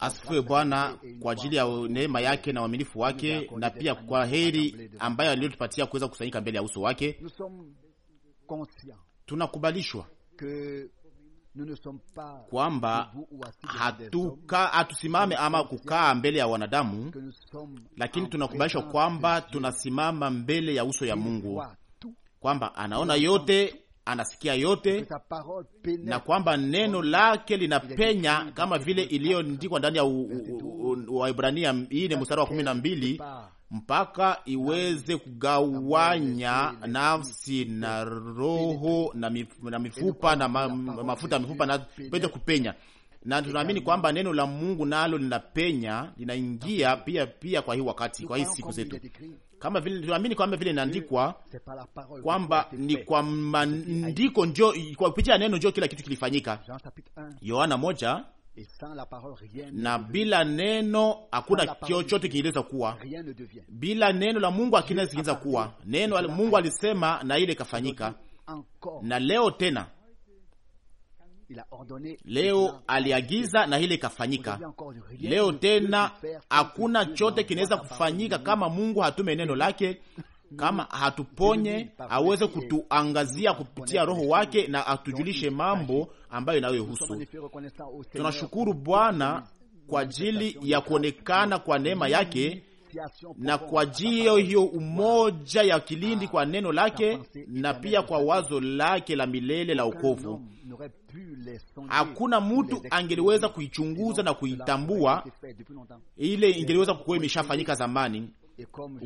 Asifiwe Bwana kwa ajili ya neema yake na uaminifu wake, na pia kwa heri ambayo aliyotupatia kuweza kusanyika mbele ya uso wake. Tunakubalishwa kwamba ah, hatusimame ama kukaa mbele ya wanadamu, lakini tunakubalishwa kwamba tunasimama mbele ya uso ya Mungu, kwamba anaona yote anasikia yote na kwamba neno lake linapenya kama vile iliyoandikwa ndani ya hii ni mstari wa kumi na mbili mpaka iweze kugawanya nafsi na roho na, mif, na mifupa na ma, mafuta ya mifupa na pete kupenya. Na tunaamini kwamba neno la Mungu nalo linapenya, linaingia pia pia kwa hii wakati, kwa hii siku zetu kama vile tunaamini kwamba vile inaandikwa kwamba ni kwa maandiko njo kwa kupitia neno njo kila kitu kilifanyika. Yohana moja na bila neno hakuna chochote kinaweza kuwa, bila neno la Mungu hakina kuwa. Neno la Mungu alisema na ile ikafanyika, na leo tena Leo aliagiza na ile ikafanyika. Leo tena hakuna chote kinaweza kufanyika kama Mungu hatume neno lake, kama hatuponye, aweze kutuangazia kupitia Roho wake na atujulishe mambo ambayo inayohusu. Tunashukuru Bwana kwa ajili ya kuonekana kwa neema yake na kwa ajili hiyo umoja ya kilindi kwa neno lake na pia kwa wazo lake la milele la ukovu Hakuna mtu angeliweza kuichunguza na kuitambua, ile ingeliweza kukuwa imeshafanyika zamani.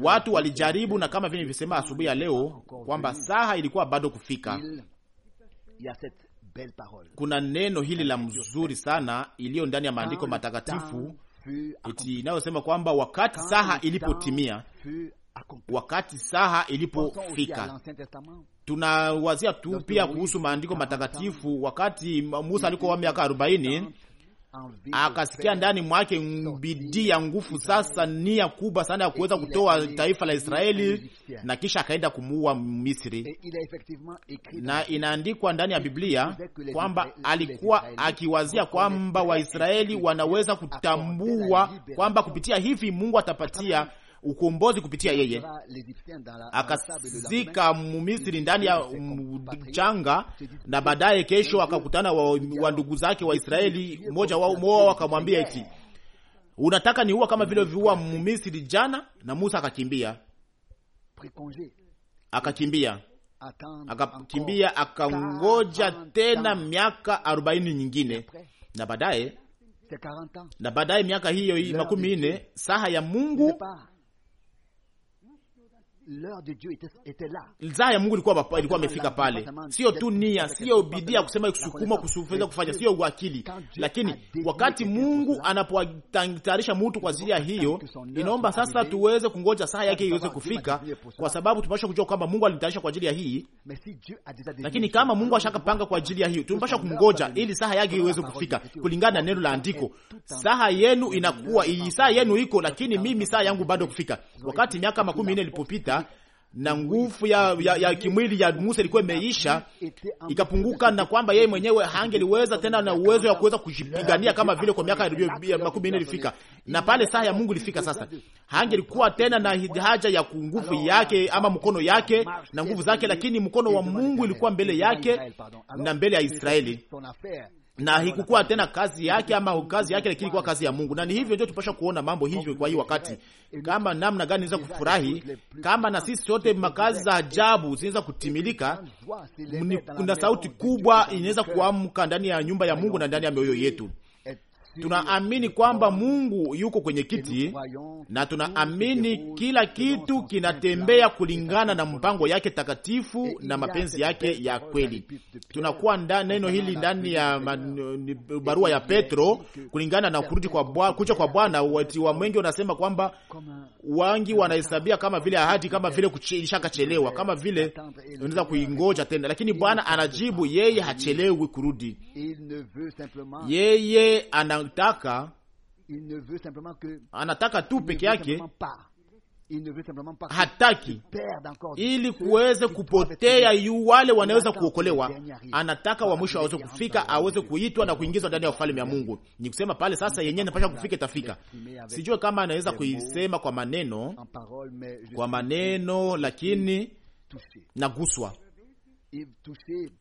Watu walijaribu, na kama vile nilivyosema asubuhi ya leo kwamba saha ilikuwa bado kufika. Kuna neno hili la mzuri sana iliyo ndani ya maandiko matakatifu eti inayosema kwamba wakati saha ilipotimia, wakati saha ilipofika. Tunawazia tu pia kuhusu maandiko matakatifu wakati Musa alikuwa miaka arobaini akasikia ndani mwake bidii ya nguvu, sasa nia kubwa sana ya kuweza kutoa taifa la Israeli, na kisha akaenda kumuua Misri. Na inaandikwa ndani ya Biblia kwamba alikuwa akiwazia kwamba Waisraeli wanaweza kutambua kwamba kupitia hivi Mungu atapatia ukombozi kupitia yeye, akazika Mumisri ndani ya mchanga, na baadaye kesho akakutana wa, wa ndugu zake Israeli, mmoja wao moa akamwambia eti unataka niua kama vile viua Mumisri jana? Na Musa akakimbia akakimbia akakimbia akangoja tena miaka arobaini nyingine, na baadaye na baadaye miaka hiyo makumi nne, saha ya Mungu Zaa ya Mungu ilikuwa ilikuwa imefika pale, sio tu nia, sio bidii ya kusema kusukuma kusufeza kufanya, sio uakili, lakini wakati Mungu anapotayarisha mtu kwa ajili ya hiyo, inaomba sasa tuweze kungoja saa yake iweze kufika, kwa sababu tunapasha kujua kwamba Mungu alimtayarisha kwa ajili ya hii. Lakini kama Mungu ashakapanga kwa ajili ya hiyo, tunapasha kumngoja ili saa yake iweze kufika kulingana na neno la andiko. Saa yenu inakuwa saa yenu iko, lakini mimi saa yangu bado kufika. Wakati miaka makumi nne ilipopita na nguvu ya, ya, ya kimwili ya Musa ilikuwa imeisha ikapunguka, na kwamba yeye mwenyewe hangeliweza tena na uwezo ya kuweza kujipigania kama vile kwa miaka makumi nne ilifika, na pale saa ya Mungu ilifika. Sasa hangelikuwa tena na haja ya nguvu yake ama mkono yake na nguvu zake, lakini mkono wa Mungu ilikuwa mbele yake na mbele ya Israeli na hikukuwa tena kazi yake ama kazi yake, lakini kwa kazi ya Mungu. Na ni hivyo ndio tupasha kuona mambo hivyo kwa hii wakati, kama namna gani inaweza kufurahi, kama na sisi sote makazi za ajabu zinaweza kutimilika. Kuna sauti kubwa inaweza kuamka ndani ya nyumba ya Mungu na ndani ya mioyo yetu tunaamini kwamba Mungu yuko kwenye kiti na tunaamini kila kitu kinatembea kulingana na mpango yake takatifu na mapenzi yake ya kweli. Tunakuwa ndani neno hili ndani ya barua ya Petro kulingana na kurudi kwa kucha kwa Bwana. Wati wa mwengi wanasema kwamba wangi wanahesabia kama vile ahadi, kama vile kushakachelewa, kama vile unaweza kuingoja tena, lakini Bwana anajibu yeye hachelewi kurudi, yeye ana anataka anataka tu peke yake hataki ili kuweze kupotea yu wale wanaweza kuokolewa. Anataka wa mwisho aweze kufika, aweze kuitwa na kuingizwa ndani ya ufalme ya Mungu. Ni kusema pale sasa, yenyewe inapasha kufika, itafika. Sijue kama anaweza kuisema kwa maneno, kwa maneno, lakini naguswa,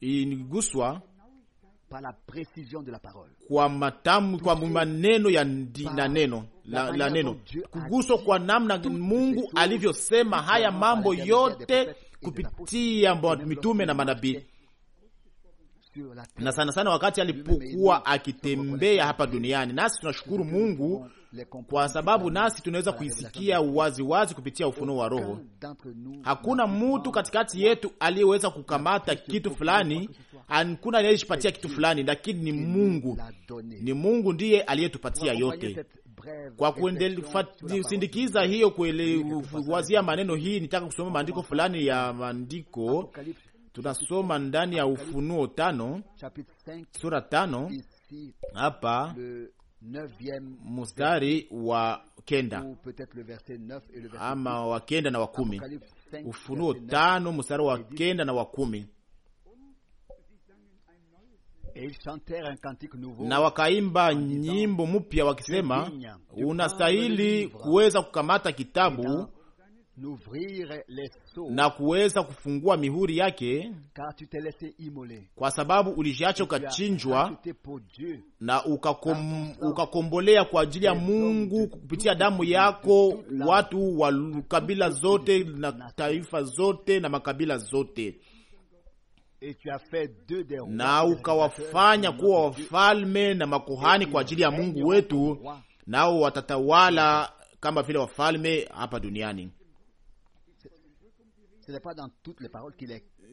inguswa kwa matamu, kwa maneno ya na neno la, la neno kuguswa kwa namna Mungu alivyosema haya mambo yote kupitia mitume na manabii na sana sana wakati alipokuwa akitembea hapa duniani. Nasi tunashukuru Mungu kwa sababu nasi tunaweza kuisikia waziwazi wazi kupitia ufunuo wa Roho. Hakuna mtu katikati yetu aliyeweza kukamata kitu fulani, hakuna anayejipatia kitu fulani, lakini ni Mungu, ni Mungu ndiye aliyetupatia yote. Kwa kusindikiza hiyo kuwazia maneno hii, nitaka kusoma maandiko fulani ya maandiko. Tunasoma ndani ya Ufunuo tano sura tano hapa mstari wa kenda ama wa kenda na wa kumi. Ufunuo tano mstari wa kenda na wa kumi. Na wakaimba nyimbo mpya wakisema, unastahili kuweza kukamata kitabu na kuweza kufungua mihuri yake, kwa sababu ulijiacha ukachinjwa na ukakom, ukakombolea kwa ajili ya Mungu kupitia damu yako watu wa kabila zote na taifa zote na makabila zote na ukawafanya kuwa wafalme na makuhani kwa ajili ya Mungu wetu, nao watatawala kama vile wafalme hapa duniani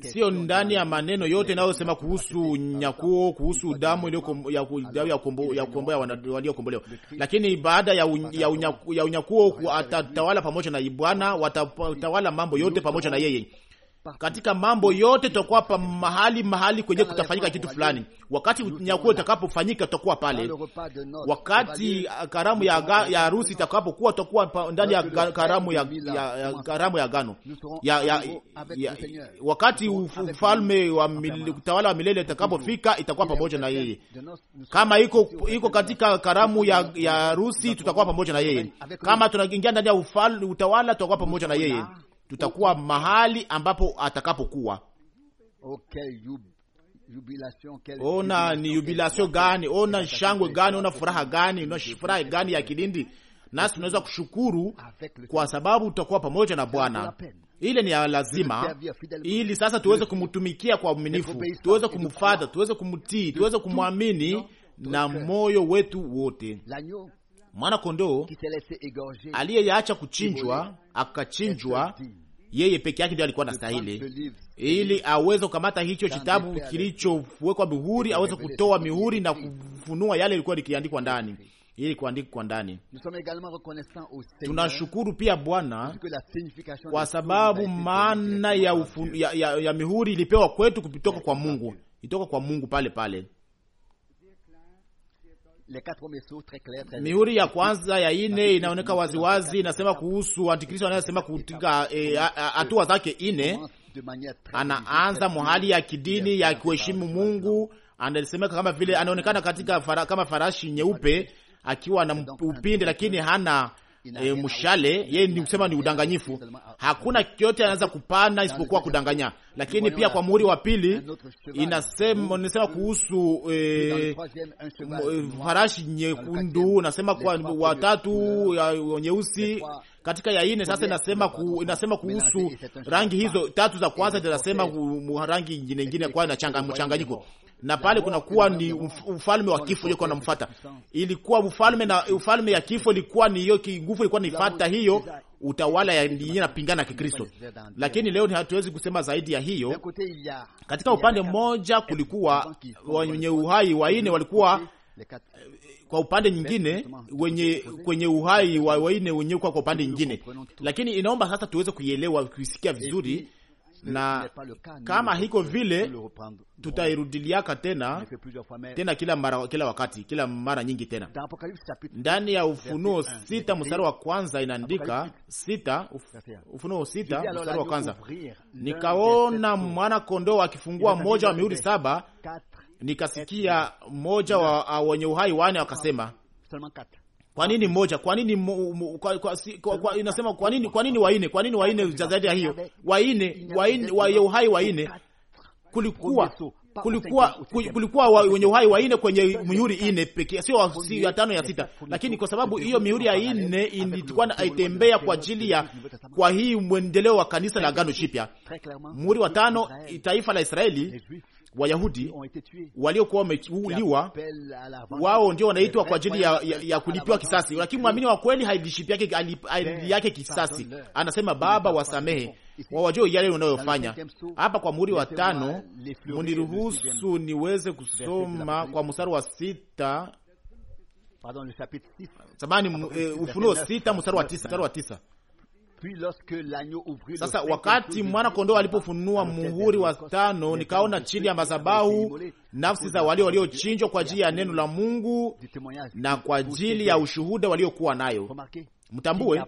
sio ndani ya maneno yote yanayosema kuhusu nyakuo, kuhusu damu ya kukomboa waliokombolewa, lakini baada ya, ya, unyaku, ya unyakuo atatawala pamoja na Bwana, watatawala mambo yote pamoja na yeye katika mambo yote tutakuwa pa mahali mahali kwenye kutafanyika kitu fulani. Wakati nyakuo itakapofanyika tutakuwa pale, wakati karamu ya harusi itakapokuwa tutakuwa ndani ya karamu ya karamu ya gano ya, ya, ya, wakati ufalme wa utawala wa milele itakapofika itakuwa pamoja na yeye. Kama iko iko katika karamu ya ya harusi tutakuwa pamoja na yeye. Kama tunaingia ndani ya utawala tutakuwa pamoja na yeye tutakuwa mahali ambapo atakapokuwa. ona ni yubilasio gani, ona shangwe gani, ona furaha gani, ona furaha gani ya kilindi. Nasi tunaweza kushukuru kwa sababu tutakuwa pamoja na Bwana. Ile ni ya lazima, ili sasa tuweze kumtumikia kwa uaminifu, tuweze kumfata, tuweze kumtii, tuweze kumwamini na moyo wetu wote mwana kondoo yacha kuchinjwa akachinjwa, yeye peke yake ndio alikuwa anastahili, ili aweze kukamata hicho kitabu kilichowekwa mihuri, aweze kutoa mihuri na kufunua yale ilikuwa likiandikwa ndani ili kuandikwa ndani. Tunashukuru pia Bwana kwa sababu maana ya, ya, ya, ya mihuri ilipewa kwetu kutoka kwa Mungu, itoka kwa Mungu pale pale mihuri ya kwanza ya ine inaoneka waziwazi, inasema kuhusu antikristo anayesema kutika eh, hatua e, zake ine, anaanza mahali ya kidini ya kuheshimu Mungu, anasemeka kama vile anaonekana katika fara, kama farashi nyeupe akiwa na upinde, lakini eh. hana e, mshale yeye ni kusema ni udanganyifu. Hakuna kyote anaweza kupana isipokuwa kudanganya. Lakini pia kwa muhuri wa pili inasema nasema kuhusu e, farashi nyekundu, nasema kwa watatu ya nyeusi katika ya ine sasa inasema ku, inasema kuhusu rangi hizo tatu za kwanza, inasema rangi nyingine kwa na changa mchanganyiko na pale kunakuwa ni ufalme wa kifo uliokuwa unamfuata. Ilikuwa ufalme na ufalme ya kifo ilikuwa ni hiyo kinguvu ilikuwa nifuata hiyo utawala ya napingana na Kikristo, lakini leo ni hatuwezi kusema zaidi ya hiyo. Katika upande mmoja kulikuwa wenye uhai waine walikuwa kwa upande nyingine wenye kwenye uhai wa waine wenyewe kwa upande nyingine, lakini inaomba sasa tuweze kuielewa kuisikia vizuri na kama hiko vile tutairudiliaka tena tena kila mara, kila wakati kila mara nyingi tena. Ndani ya Ufunuo sita mstari wa kwanza inaandika sita, Ufunuo sita mstari wa kwanza nikaona mwana kondoo akifungua moja wa mihuri saba, nikasikia moja wa wenye uhai wane wakasema kwa nini mmoja? Kwa nini inasema kwa nini, kwa nini waine? Kwa nini waine zaidi ya hiyo waine, waine wa uhai waine, kulikuwa kulikuwa kulikuwa wenye uhai waine kwenye mihuri ine pekee, sio si ya tano ya sita, lakini kwa sababu hiyo mihuri ya ine ilikuwa aitembea kwa ajili ya kwa hii mwendeleo wa kanisa la Agano Jipya. mhuri wa tano taifa la Israeli Wayahudi waliokuwa wameuliwa, wao ndio wanaitwa kwa ajili ya, ya, ya kulipiwa kisasi, lakini mwamini wa kweli hailishi yake kisasi. Anasema, Baba wasamehe wawajua yale unayofanya. Hapa kwa muhuri wa tano, muniruhusu niweze kusoma kwa mstari wa sita samani, eh, Ufunuo sita mstari wa tisa, mstari wa tisa sasa wakati mwana kondoo alipofunua muhuri wa tano, nikaona chini ya madhabahu nafsi za walio waliochinjwa kwa ajili ya neno la Mungu na kwa ajili ya ushuhuda waliokuwa nayo. Mtambue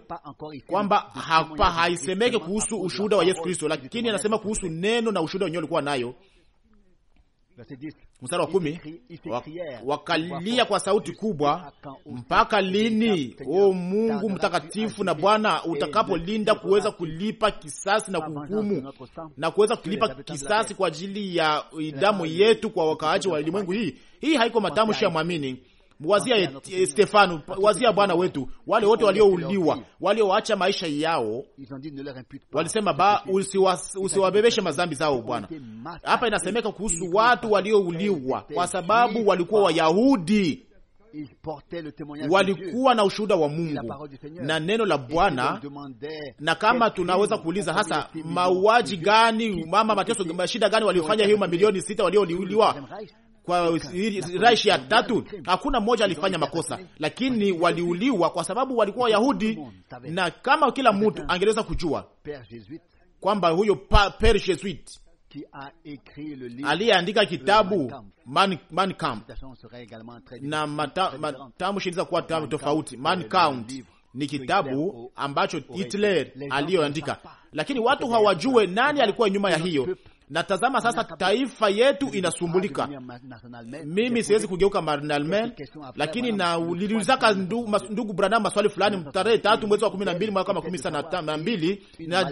kwamba hapa haisemeke kuhusu ushuhuda wa Yesu Kristo, lakini anasema kuhusu neno na ushuhuda wenyewe walikuwa nayo mstari wa kumi, wakalia kwa sauti kubwa, mpaka lini, o Mungu mtakatifu na Bwana, utakapolinda kuweza kulipa kisasi na kuhukumu na kuweza kulipa kisasi kwa ajili ya damu yetu kwa wakaaji wa ulimwengu hii? Hii haiko matamshi ya mwamini wazia eh, Stefano, wazia bwana wetu, wale wote waliouliwa, walioacha maisha yao, walisema ba usiwabebeshe mazambi zao Bwana. Hapa inasemeka kuhusu watu waliouliwa kwa sababu walikuwa Wayahudi, walikuwa na ushuhuda wa Mungu na neno la Bwana. Na kama tunaweza kuuliza hasa, mauaji gani, mama mateso, mashida gani waliofanya hiyo mamilioni sita waliouliwa kwa Raishi ya tatu hakuna mmoja alifanya makosa, lakini waliuliwa kwa sababu walikuwa Wayahudi, na kama kila mtu angeweza kujua kwamba huyo per Jesuit aliyeandika kitabu Man, Man na matamshi inaweza kuwa tofauti. Man Kamp ni kitabu ambacho Hitler aliyoandika, lakini watu hawajue nani alikuwa nyuma ya hiyo na tazama sasa, taifa yetu inasumbulika. Mimi siwezi kugeuka Manalme, lakini niliulizaka ndugu, ndugu Branham maswali fulani tarehe tatu mwezi wa kumi na mbili mwaka makumi sita na mbili na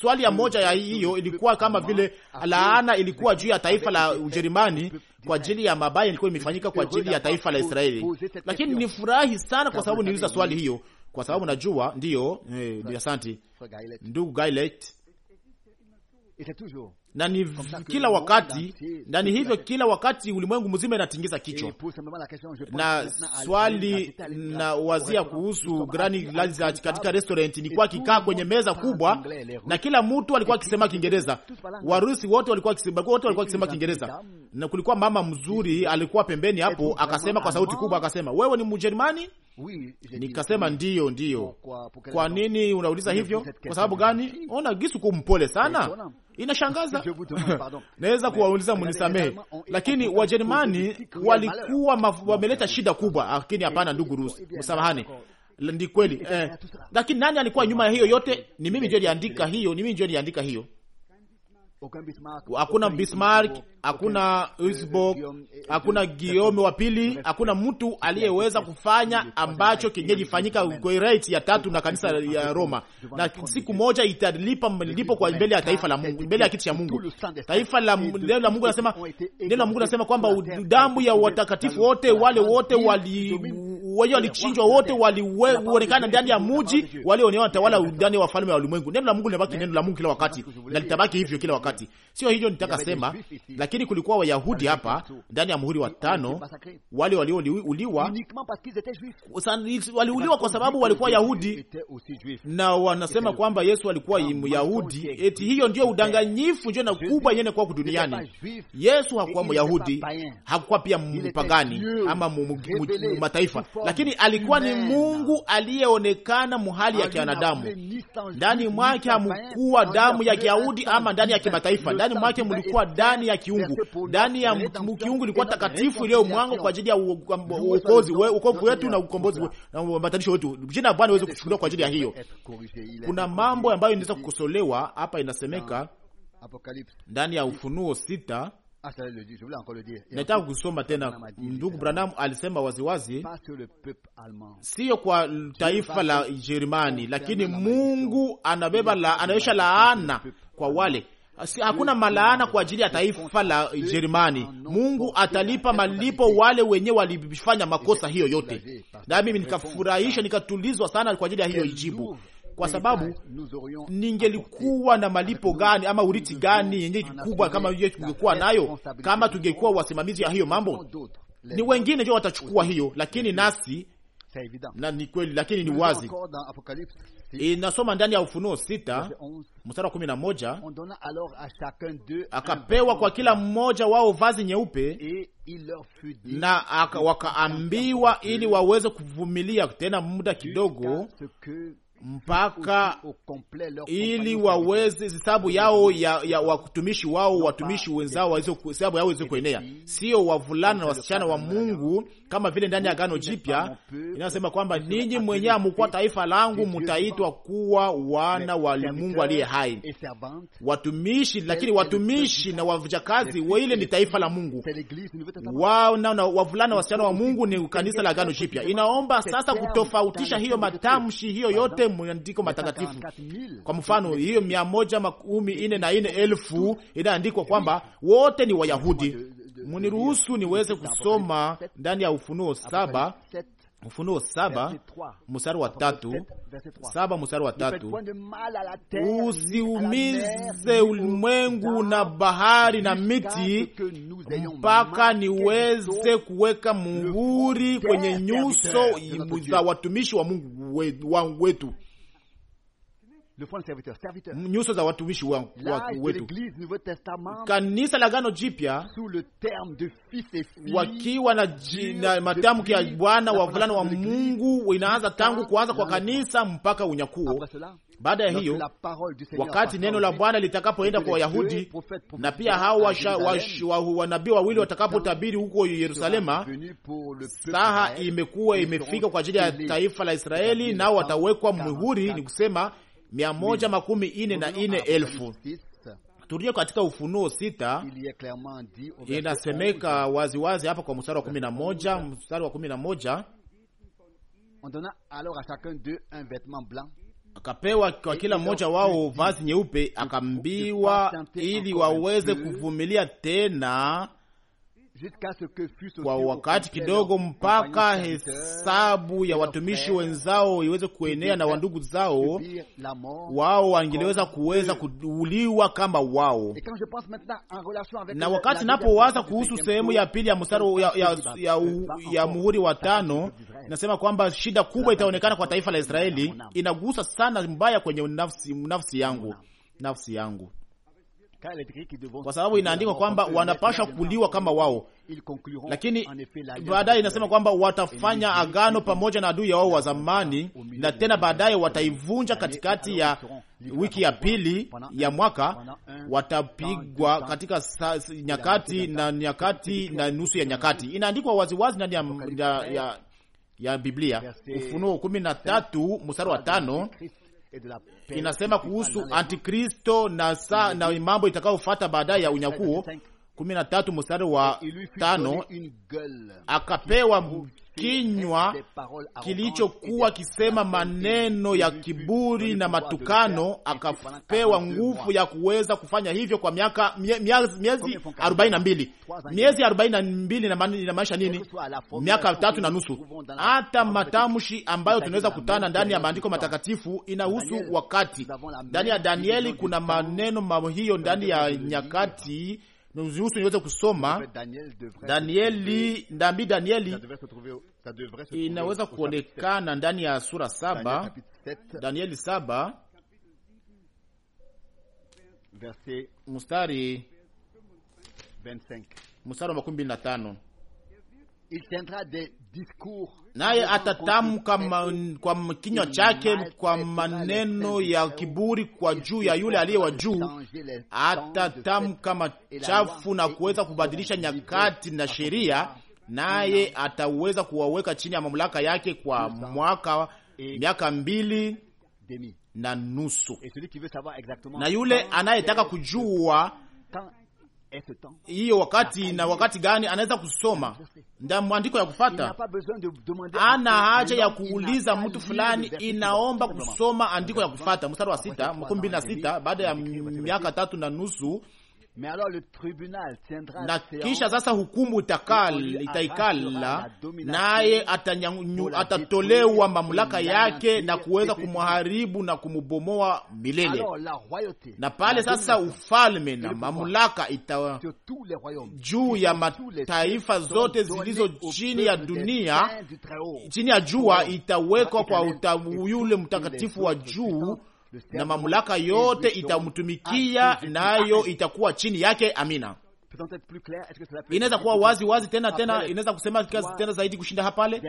swali ya moja ya hiyo ilikuwa kama vile laana ilikuwa juu ya taifa la Ujerumani kwa ajili ya mabaya ilikuwa imefanyika kwa ajili ya taifa la Israeli, lakini ni furahi sana kwa sababu niliuliza swali hiyo, kwa sababu najua ndiyo. Eh, asante ndugu Gailet na ni kila wakati, na ni hivyo kila wakati ulimwengu mzima inatingiza kichwa na swali na wazia kuhusu katika restaurant. Nilikuwa kikaa kwenye meza kubwa na kila mtu alikuwa akisema Kiingereza, Warusi wote walikuwa kisema, wote walikuwa akisema Kiingereza, na kulikuwa mama mzuri alikuwa pembeni hapo, akasema kwa sauti kubwa, akasema wewe ni Mjerumani? Nikasema ndiyo, ndiyo. Kwa nini unauliza hivyo? Kwa sababu gani? Ona Gisu kumpole sana Inashangaza, naweza kuwauliza munisamehe lakini Wajerumani walikuwa wameleta shida kubwa, lakini hapana, ndugu Rusi, msamahani ndi kweli eh. Lakini nani alikuwa nyuma ya hiyo yote? Ni mimi ndio niliandika hiyo, ni mimi ndio niliandika hiyo. Hakuna Bismarck hakuna Duisburg, hakuna Giome wa pili, hakuna mtu aliyeweza kufanya ambacho kingejifanyika Kuireti ya tatu na kanisa ya Roma, na siku moja italipa mlipo kwa mbele ya taifa la Mungu, mbele ya kiti cha Mungu, taifa la neno la Mungu. Nasema neno la Mungu nasema kwamba damu ya watakatifu wote wale wote wali wenye walichinjwa wote walionekana ndani ya muji, walionewa tawala ndani ya wafalme wa ulimwengu. Neno la Mungu linabaki neno la Mungu kila wakati, na litabaki hivyo kila wakati. Sio hilo nitaka sema, lakini kulikuwa Wayahudi hapa ndani ya muhuri wa tano, wale waliouliwa waliuliwa kwa sababu walikuwa Yahudi, na wanasema kwamba Yesu alikuwa Myahudi. Eti hiyo ndio udanganyifu ndio na kubwa yene kwa duniani. Yesu hakuwa Myahudi, hakuwa pia mpagani ama mataifa, lakini alikuwa ni Mungu aliyeonekana muhali ya kianadamu. Ndani mwake hamkuwa damu ya Kiyahudi ama ndani ya kimataifa ndani mwake mlikuwa ndani ya kiungu, ndani ya kiungu ilikuwa takatifu iliyo mwango kwa ajili ya uokozi uokovu wetu na ukombozi na matanisho wetu. Jina Bwana iweze kuchukuliwa kwa ajili ya hiyo. Kuna mambo ambayo inaweza kukosolewa hapa, inasemeka ndani ya Ufunuo sita nataka kusoma tena. Ndugu Branham alisema waziwazi, sio kwa taifa la Jerumani, lakini Mungu anabeba la, anaonyesha laana kwa wale Hakuna malaana kwa ajili ya taifa la Jerumani. Mungu atalipa malipo wale wenye walifanya makosa hiyo yote, na mimi nikafurahisha, nikatulizwa sana kwa ajili ya hiyo ijibu, kwa sababu ningelikuwa na malipo gani ama urithi gani yenye kubwa kama hiyo tungekuwa nayo kama tungekuwa wasimamizi ya hiyo mambo. Ni wengine ndio watachukua hiyo, lakini nasi na ni kweli, lakini ni wazi inasoma ndani ya Ufunuo sita mstari wa kumi na moja akapewa kwa kila mmoja wao vazi nyeupe, na wakaambiwa ili waweze kuvumilia tena muda kidogo mpaka ili waweze hesabu yao ya, ya watumishi wao watumishi wenzao hesabu yao waweze kuenea, sio wavulana na wasichana wa Mungu kama vile ndani ya Agano Jipya inasema kwamba ninyi mwenyewe amukuwa taifa langu, mtaitwa kuwa wana wa Mungu aliye hai, watumishi. Lakini watumishi na wavijakazi waile ni taifa la Mungu, wana na wavulana wasichana wa Mungu ni kanisa la Agano Jipya. Inaomba sasa kutofautisha hiyo matamshi hiyo yote mwandiko matakatifu. Kwa mfano hiyo mia moja makumi ine na ine elfu inaandikwa kwamba wote ni Wayahudi muniruhusu niweze kusoma ndani ya Ufunuo saba Ufunuo saba mstari wa tatu saba mstari wa tatu usiumize ulimwengu na bahari na miti, mpaka niweze kuweka muhuri kwenye nyuso za watumishi wa Mungu wetu le fond serviteur, serviteur, nyuso za watumishi wa, wa, wetu kanisa la gano Jipya wakiwa na, na matamki ya Bwana wavulana wa Mungu inaanza tangu kuanza kwa kanisa mpaka unyakuo. Baada ya hiyo, wakati neno la Bwana litakapoenda kwa Wayahudi na pia hao wanabii wawili watakapotabiri huko Yerusalema, saha imekuwa imefika kwa ajili ya taifa la Israeli, nao watawekwa muhuri, ni kusema mia moja makumi ine na ine elfu. Turudie katika Ufunuo sita, inasemeka waziwazi wazi hapa kwa mstari wa kumi na moja mstari wa kumi na moja un blanc. akapewa kwa kila mmoja wao vazi nyeupe, akambiwa ili waweze kuvumilia tena kwa wakati kidogo, mpaka hesabu ya watumishi wenzao iweze kuenea na wandugu zao wao wangeliweza kuweza kuuliwa kama wao. Na wakati napowaza kuhusu sehemu ya pili ya mstari ya, ya, ya, ya muhuri wa tano, nasema kwamba shida kubwa itaonekana kwa taifa la Israeli, inagusa sana mbaya kwenye nafsi, nafsi yangu nafsi yangu kwa sababu inaandikwa kwamba wanapasha kuliwa kama wao, lakini baadaye inasema kwamba watafanya agano pamoja na adui ya wao wa zamani, na tena baadaye wataivunja katikati ya wiki ya pili ya mwaka, watapigwa katika nyakati na nyakati na nusu ya nyakati. Inaandikwa waziwazi ndani ya, ya, ya, ya Biblia, Ufunuo kumi na tatu mstari wa tano inasema kuhusu Antikristo na, sa, na mambo itakayofuata baadaye ya unyakuo. kumi na tatu mstari wa tano akapewa kinywa kilichokuwa kisema maneno ya kiburi na matukano, akapewa nguvu ya kuweza kufanya hivyo kwa miaka miezi arobaini na mbili miezi arobaini na mbili inamaanisha nini? Miaka tatu na nusu. Hata matamshi ambayo tunaweza kutana ndani ya maandiko matakatifu inahusu wakati. Ndani ya Danieli kuna maneno mao hiyo ndani ya nyakati niruhusu niweze kusoma Danieli ndambi Danieli inaweza kuonekana ndani ya sura saba Danieli saba mstari mstari wa makumi mbili na tano naye atatamka kwa kinywa chake kwa maneno ya kiburi kwa juu ya yule aliye wa juu, atatamka machafu na kuweza kubadilisha nyakati na sheria, naye ataweza kuwaweka chini ya mamlaka yake kwa mwaka miaka mbili na nusu. Na yule anayetaka kujua hiyo wakati na wakati gani anaweza kusoma nda mwandiko ya kufata. Ana haja ya kuuliza mtu fulani, inaomba kusoma andiko ya kufata, mstari wa sita makumi mbili na sita baada ya miaka tatu na nusu na kisha sasa hukumu itaikala, naye atatolewa mamlaka yake na kuweza kumharibu na kumubomoa milele. Na pale sasa ufalme na mamlaka ita juu ya mataifa zote zilizo chini ya dunia, chini ya jua, itawekwa kwa yule mtakatifu wa juu na mamlaka yote itamtumikia, nayo itakuwa chini yake. Amina inaweza kuwa wazi wazi tena tena, inaweza kusema tena zaidi kushinda hapale.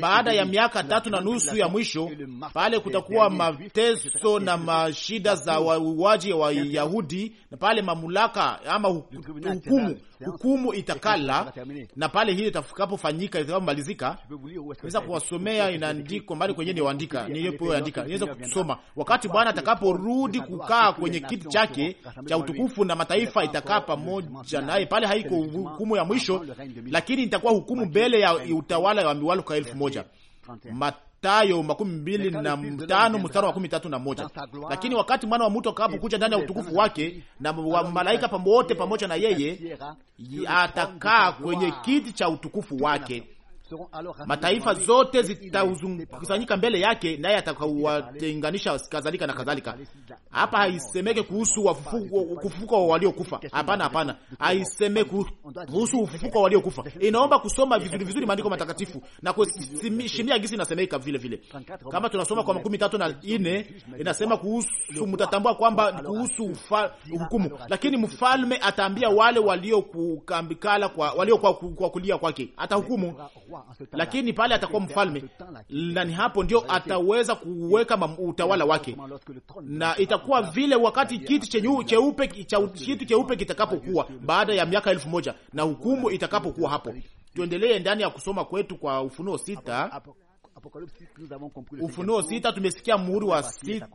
Baada ya miaka tatu na nusu ya mwisho pale, kutakuwa mateso na mashida za wauaji wa Yahudi na pale mamlaka ama hukumu hukumu itakala, na pale hiyo itakapofanyika itakapomalizika, naweza kuwasomea inaandikwa mbali kwenye niwaandika niyoandika, niweza kusoma wakati Bwana atakaporudi kukaa kwenye kiti chake cha utukufu na mataifa itakaa pamoja naye pale haiko hukumu ya mwisho, lakini nitakuwa hukumu mbele ya utawala wa miwaluka elfu moja. Matayo makumi mbili na tano mstari wa makumi tatu na moja. Lakini wakati mwana wa mtu atakapokuja ndani ya utukufu wake na wa malaika pamoja na yeye, atakaa kwenye kiti cha utukufu wake mataifa zote zitakusanyika mbele yake, naye atakawatenganisha kadhalika na kadhalika. Hapa haisemeke kuhusu kufufuka wa waliokufa. Hapana, hapana, haiseme kuhusu ufufuka wa waliokufa. Inaomba kusoma vizuri vizuri maandiko matakatifu na kushimia gisi inasemeka vile vile, kama tunasoma kwa makumi tatu na ine inasema kuhusu mtatambua kwamba kuhusu hukumu, lakini mfalme ataambia wale waliokuwa kulia kwake, atahukumu lakini pale atakuwa mfalme, na ni hapo ndio ataweza kuweka utawala wake, na itakuwa vile wakati kitu cheupe kitu cheupe kitakapokuwa baada ya miaka elfu moja na hukumu itakapokuwa hapo. Tuendelee ndani ya kusoma kwetu kwa Ufunuo sita Ufunuo sita tumesikia muhuri wa sita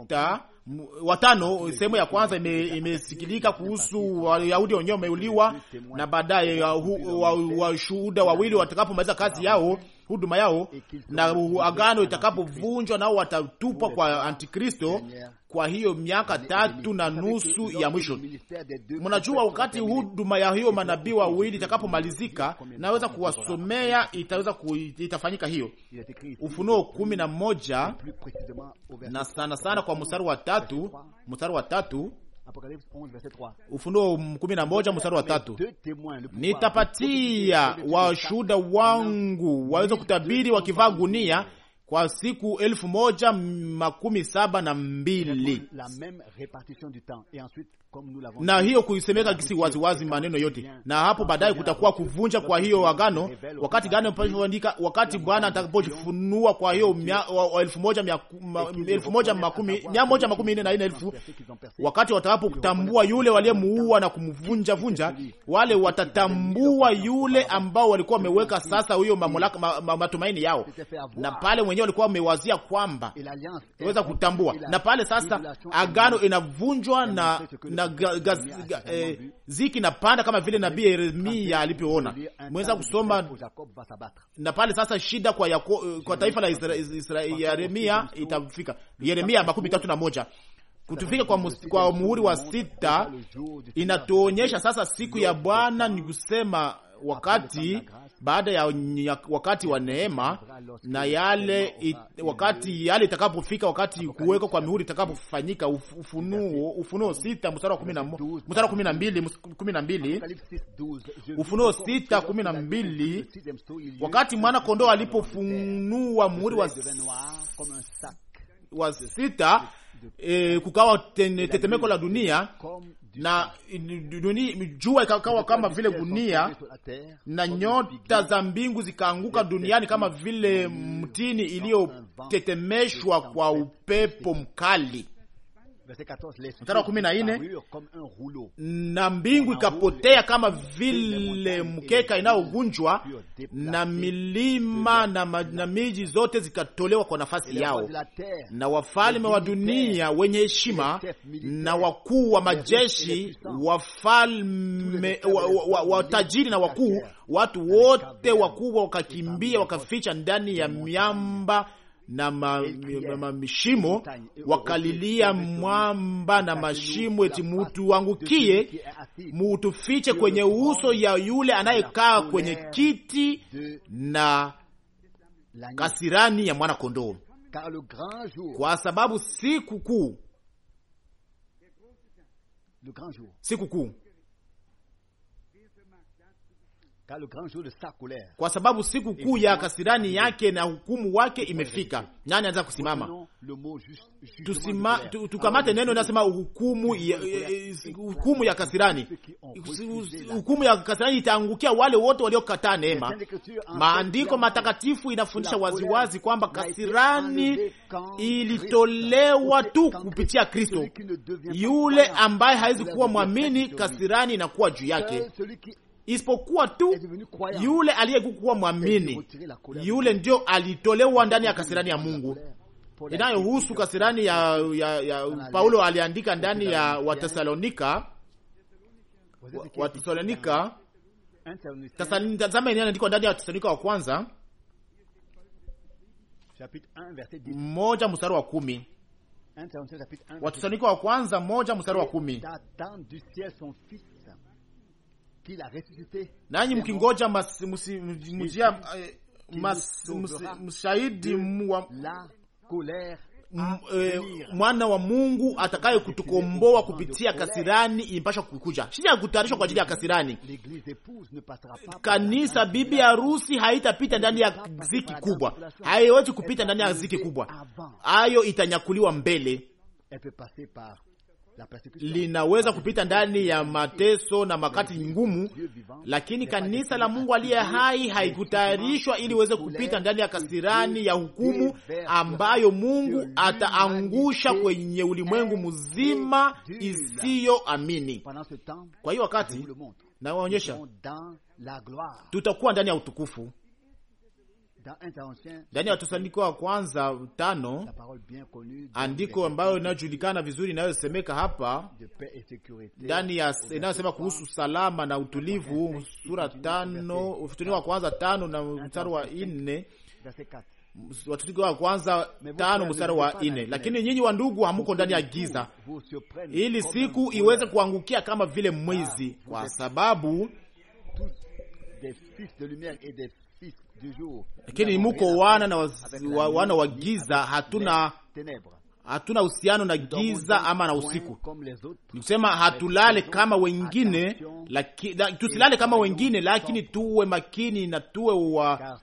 watano, sehemu ya kwanza imesikilika ime kuhusu Wayahudi wenyewe wameuliwa, na baadaye washuhuda wawili watakapomaliza kazi yao huduma yao, na agano itakapovunjwa nao watatupwa kwa Antikristo. Kwa hiyo miaka tatu na nusu ya mwisho, mnajua wakati huduma ya hiyo manabii wawili itakapomalizika, naweza kuwasomea itaweza ku, itafanyika hiyo Ufunuo kumi na moja na sana sana kwa mstari wa tatu mstari wa tatu Ufunuo 11 mstari wa tatu, nitapatia washuhuda wangu waweze kutabiri wakivaa gunia kwa siku elfu moja makumi saba na mbili na hiyo kuisemeka kisi waziwazi maneno yote, na hapo baadaye kutakuwa kuvunja kwa hiyo agano. Wakati gani andika? Wakati Bwana atakapojifunua. Kwa hiyo elfu moja elfu moja mia moja makumi nne na nne elfu wakati watakapotambua yule waliyemuua na kumvunja vunja, wale watatambua yule ambao walikuwa wameweka sasa huyo mamlaka ma, ma, matumaini yao, na pale mwenyewe walikuwa wamewazia kwamba weza kutambua, na pale sasa agano inavunjwa na, na na gaz, ga, eh, ziki kama vile nabii Yeremia alivyoona. Mweza kusoma na pale sasa, shida kwa yako, eh, kwa taifa la Yeremia itafika Yeremia makumi tatu na moja kutufika kwa, kwa muhuri wa sita inatuonyesha sasa siku ya Bwana ni kusema wakati baada ya, wakati wa neema na yale it, wakati yale itakapofika, wakati kuwekwa kwa mihuri itakapofanyika. Ufunuo Ufunuo sita mstari wa kumi na mstari wa kumi na mbili kumi na mbili Ufunuo sita kumi na mbili wakati mwana kondoo alipofunua muhuri wa wa sita, e, kukawa tetemeko la dunia na jua ikakawa kama vile gunia na nyota za mbingu zikaanguka duniani kama vile mtini iliyotetemeshwa kwa upepo mkali mstari wa kumi na nne na mbingu ikapotea kama vile mkeka inayogunjwa na milima na, ma, na miji zote zikatolewa kwa nafasi yao, na wafalme wa dunia wenye heshima na wakuu wa majeshi wafalme watajiri wa, wa, wa, wa na wakuu, watu wote wakubwa wakakimbia wakaficha ndani ya miamba na ma, ma, ma, mishimo e- wakalilia mwamba na mashimo, eti mutuangukie, mutufiche kwenye uso ya yule anayekaa kwenye kiti na kasirani ya mwana kondoo, kwa sababu siku kuu, siku kuu kwa sababu siku kuu ya kasirani yake na hukumu wake imefika. Nani anaweza kusimama? tukamate neno inasema hukumu ya, hukumu ya kasirani, hukumu ya kasirani itaangukia wale wote waliokataa neema. Maandiko matakatifu inafundisha waziwazi kwamba kasirani ilitolewa tu kupitia Kristo. Yule ambaye hawezi kuwa mwamini, kasirani inakuwa juu yake isipokuwa tu yule aliyekuwa mwamini, yule ndio alitolewa ndani ya kasirani ya Mungu inayohusu kasirani ya, ya, ya Paulo aliandika ndani ya Watesalonika, Watesalonika tazama eneo ndani ya Watesalonika wa kwanza moja mstari wa kumi Watesalonika wa kwanza moja mstari wa kumi nanyi mkingoja msijia ah, eh, mshahidi eh, mwana wa Mungu atakaye kutukomboa kupitia kasirani, imepasha kukuja shini ya kutayarishwa kwa ajili ya kasirani. Kanisa bibi harusi haitapita ndani ya ziki kubwa, haiwezi kupita ndani ya ziki kubwa, hayo itanyakuliwa mbele linaweza kupita ndani ya mateso na makati ngumu, lakini kanisa la Mungu aliye hai haikutayarishwa ili iweze kupita ndani ya kasirani ya hukumu ambayo Mungu ataangusha kwenye ulimwengu mzima isiyoamini. Kwa hiyo wakati nawaonyesha, tutakuwa ndani ya utukufu ndani ya Wathesalonike wa kwanza tano, andiko ambayo inayojulikana vizuri inayosemeka hapa ndani ya inayosema kuhusu salama na utulivu, sura tano, Wathesalonike wa kwanza tano na mstari wa nne Wathesalonike wa kwanza tano mstari wa nne. Lakini nyinyi wa ndugu, hamuko ndani ya giza ili siku iweze kuangukia kama vile ah, mwizi, kwa sababu lakini muko wana na wa, wana wa giza, hatuna hatuna uhusiano na giza ama na usiku. Nikusema hatulale kama wengine laki, tusilale kama wengine, lakini tuwe makini na tuwe wa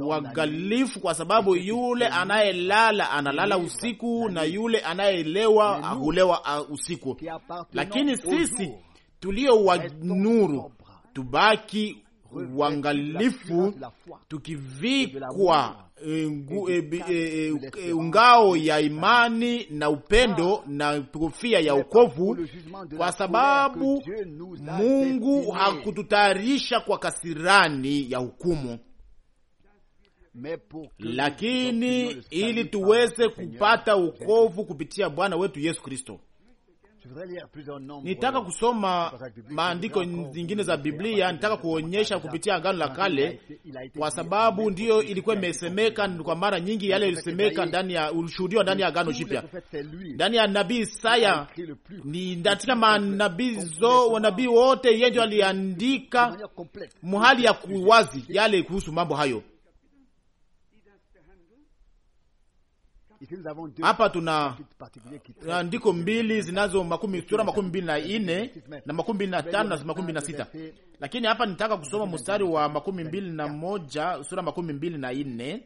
wagalifu, kwa sababu yule anayelala analala usiku na yule anayelewa hulewa ah, usiku. Lakini sisi tulio wa nuru tubaki uangalifu, tukivikwa eh, eh, eh, ngao ya imani na upendo ah. na kofia ya ukovu kwa sababu Mungu hakututayarisha kwa kasirani ya hukumu lakini ili tuweze kupata ukovu kupitia Bwana wetu Yesu Kristo. Nitaka kusoma maandiko zingine za Biblia, nitaka kuonyesha kupitia Agano la Kale, kwa sababu ndiyo ilikuwa imesemeka kwa mara nyingi, yale ilisemeka ndani ya ulishuhudiwa ndani ya Agano Jipya, ndani ya nabii Isaya, ni katika manabii zo wanabii wote yenjo aliandika mhali ya kuwazi yale kuhusu mambo hayo Hapa tuna andiko mbili zinazo makumi, sura makumi mbili na ine na makumi mbili na tano na makumi mbili na sita lakini hapa nitaka kusoma mstari wa makumi mbili na moja sura makumi mbili na ine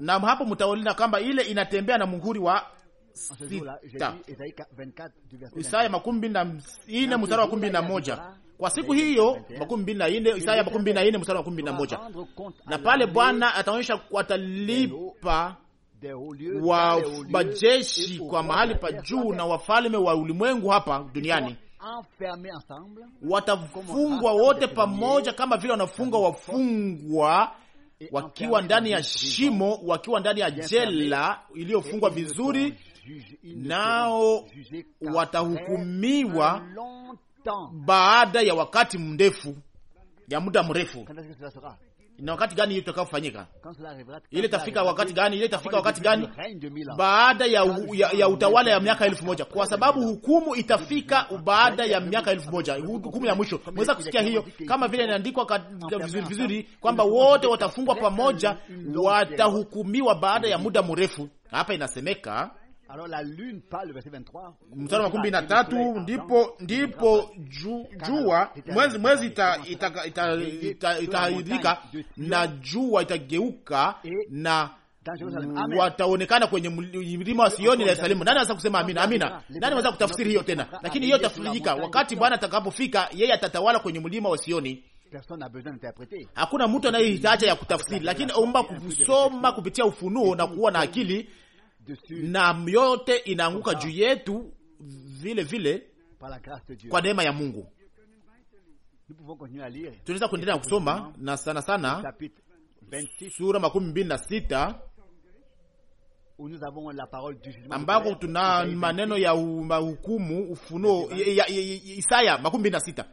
na hapo mtaona kwamba ile inatembea na muhuri wa sita Isaya makumi mbili na ine mstari wa makumi mbili na moja kwa siku hiyo makumi mbili na nne Isaya makumi mbili na nne mstari wa makumi mbili na moja na pale Bwana ataonyesha atalipa wa majeshi kwa mahali pa juu na wafalme wa ulimwengu hapa duniani watafungwa wote pamoja, kama vile wanafungwa wafungwa wakiwa ndani ya shimo, wakiwa ndani ya jela iliyofungwa vizuri, nao watahukumiwa baada ya wakati mrefu ya muda mrefu. Na wakati gani hiyo itakayofanyika? Ile itafika wakati gani? Ile itafika wakati gani? Baada ya, ya, ya utawala ya miaka elfu moja kwa sababu hukumu itafika baada ya miaka elfu moja hukumu ya mwisho. Mweza kusikia hiyo, kama vile inaandikwa vizuri vizuri kwamba wote watafungwa pamoja, watahukumiwa baada ya muda mrefu. Hapa inasemeka mstari wa kumi na tatu ndipo ndipo jua mwezi mwezi itaharibika ita, ita, ita, ita na jua itageuka na wataonekana kwenye mlima wa Sioni na Yerusalemu. Nani anaweza kusema amina? Amina, nani anaweza kutafsiri hiyo tena? Lakini hiyo itafurika wakati Bwana atakapofika, yeye atatawala kwenye mlima wa Sioni. Hakuna mtu anayehitaji ya kutafsiri, lakini omba kusoma kupitia ufunuo na kuwa na akili na yote inaanguka juu yetu vile vile kwa neema ya Mungu. Tunaweza kuendelea na kusoma na sana sana sura makumi mbili na sita ambako tuna maneno ya mahukumu ufunuo Isaya na sita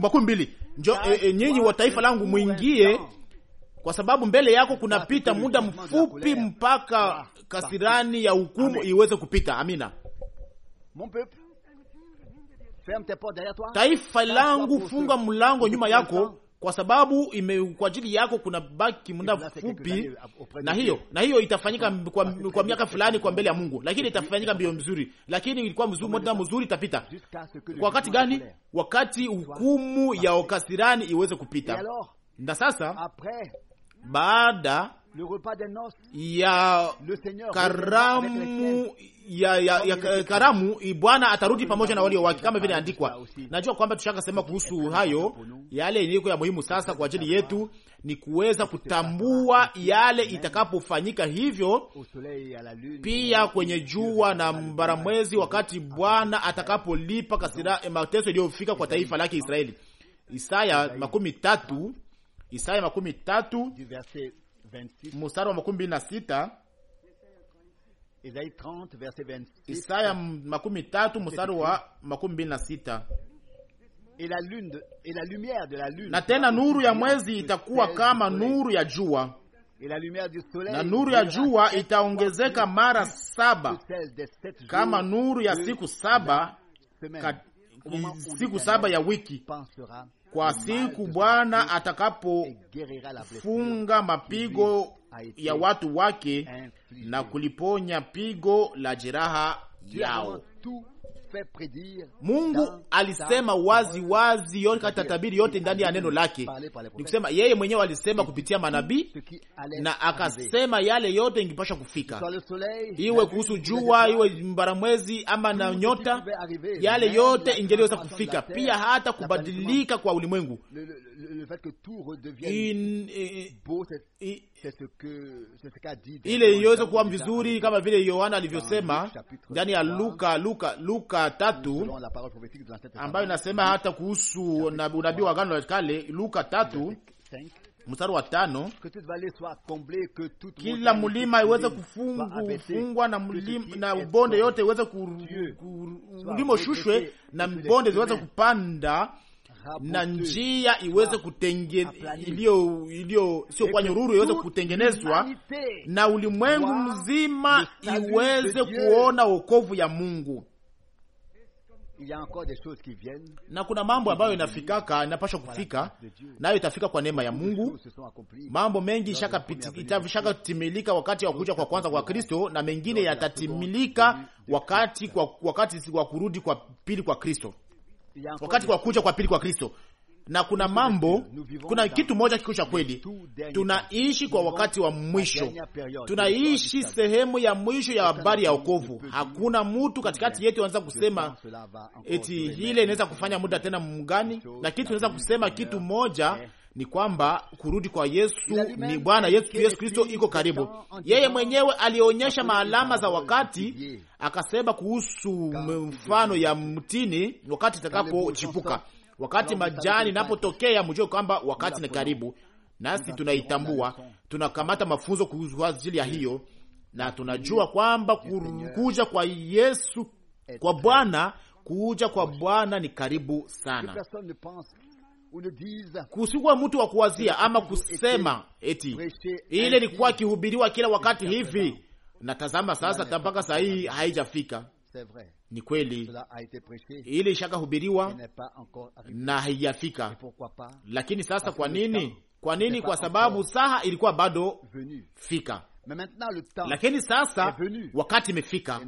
makumi mbili njo e, eh, eh, nyinyi wa taifa langu mwingie, kwa sababu mbele yako kunapita muda mfupi mpaka ah, kasirani ya hukumu iweze kupita. Amina. Taifa langu, funga mlango nyuma yako kwa sababu ime, kwa ajili yako kuna baki muda fupi na hiyo na hiyo itafanyika kwa, kwa miaka fulani kwa mbele ya Mungu, lakini itafanyika mbio mzuri, lakini ilikuwa mzuri, muda mzuri itapita. Kwa wakati gani? Wakati hukumu ya okasirani iweze kupita. Na sasa baada ya karamu ya, ya, ya karamu Bwana atarudi pamoja na walio wake, kama vile andikwa. Najua kwamba tushakasema kuhusu hayo. Yale yeniko ya muhimu sasa kwa ajili yetu ni kuweza kutambua yale itakapofanyika hivyo pia kwenye jua na mbaramwezi, wakati Bwana atakapolipa kasira eh, mateso iliyofika kwa taifa lake Israeli. Isaya makumi tatu, Isaya makumi tatu mstari wa makumi mbili na sita Isaya makumi tatu mstari wa makumi mbili na sita lune lune, lumière de, la na tena nuru ya mwezi itakuwa kama nuru ya jua na nuru ya jua itaongezeka mara saba kama nuru ya siku saba ka, siku saba ya wiki kwa siku Bwana atakapofunga mapigo ya watu wake na kuliponya pigo la jeraha yao. Mungu alisema wazi wazi yote katika tabiri yote ndani ya neno lake, kusema yeye mwenyewe alisema kupitia manabii, na akasema yale yote ingipasha kufika, iwe kuhusu jua, iwe mbaramwezi ama na nyota, yale yote ingeliweza kufika, pia hata kubadilika kwa ulimwengu ile iweze kuwa vizuri kama vile Yohana alivyosema ndani ya Luka, Luka, Luka tatu ambayo inasema hata kuhusu unabii wa Agano la Kale, Luka tatu mstari wa tano kila mulima iweze kufungwa na mulima, na bonde yote iweze kulima shushwe na bonde ziweze kupanda na njia iweze kutenge iliyo sio kwa nyururu iweze kutengenezwa na ulimwengu mzima iweze kuona wokovu ya Mungu na kuna mambo ambayo inafikaka inapasha kufika nayo itafika kwa neema ya Mungu. Mambo mengi ishakatimilika wakati wa kuja kwa kwanza kwa Kristo, na mengine yatatimilika wakati kwa wakati wa kurudi kwa pili kwa Kristo, wakati kwa kuja kwa pili kwa Kristo na kuna mambo, kuna kitu moja kiko cha kweli. Tunaishi kwa wakati wa mwisho, tunaishi sehemu ya mwisho ya habari ya wokovu. Hakuna mtu katikati yetu anaweza kusema eti ile inaweza kufanya muda tena mgani, lakini tunaweza kusema kitu moja eh. ni kwamba kurudi kwa Yesu ni Bwana Yesu Yesu Kristo iko karibu. Yeye mwenyewe alionyesha maalama za wakati, akasema kuhusu mfano ya mtini wakati itakapochipuka. Wakati majani napotokea, mjue kwamba wakati ni karibu, nasi tunaitambua, tunakamata mafunzo kwa ajili ya hiyo, na tunajua kwamba kuja kwa Yesu, kwa Bwana, kuja kwa Bwana ni karibu sana. Kusikuwa mtu wa kuwazia ama kusema eti ile ilikuwa ikihubiriwa kila wakati hivi, natazama sasa mpaka saa hii haijafika. Ni kweli ili ishakahubiriwa na haijafika, lakini sasa, kwa nini? Kwa nini? Kwa sababu saha ilikuwa bado fika, lakini sasa wakati imefika,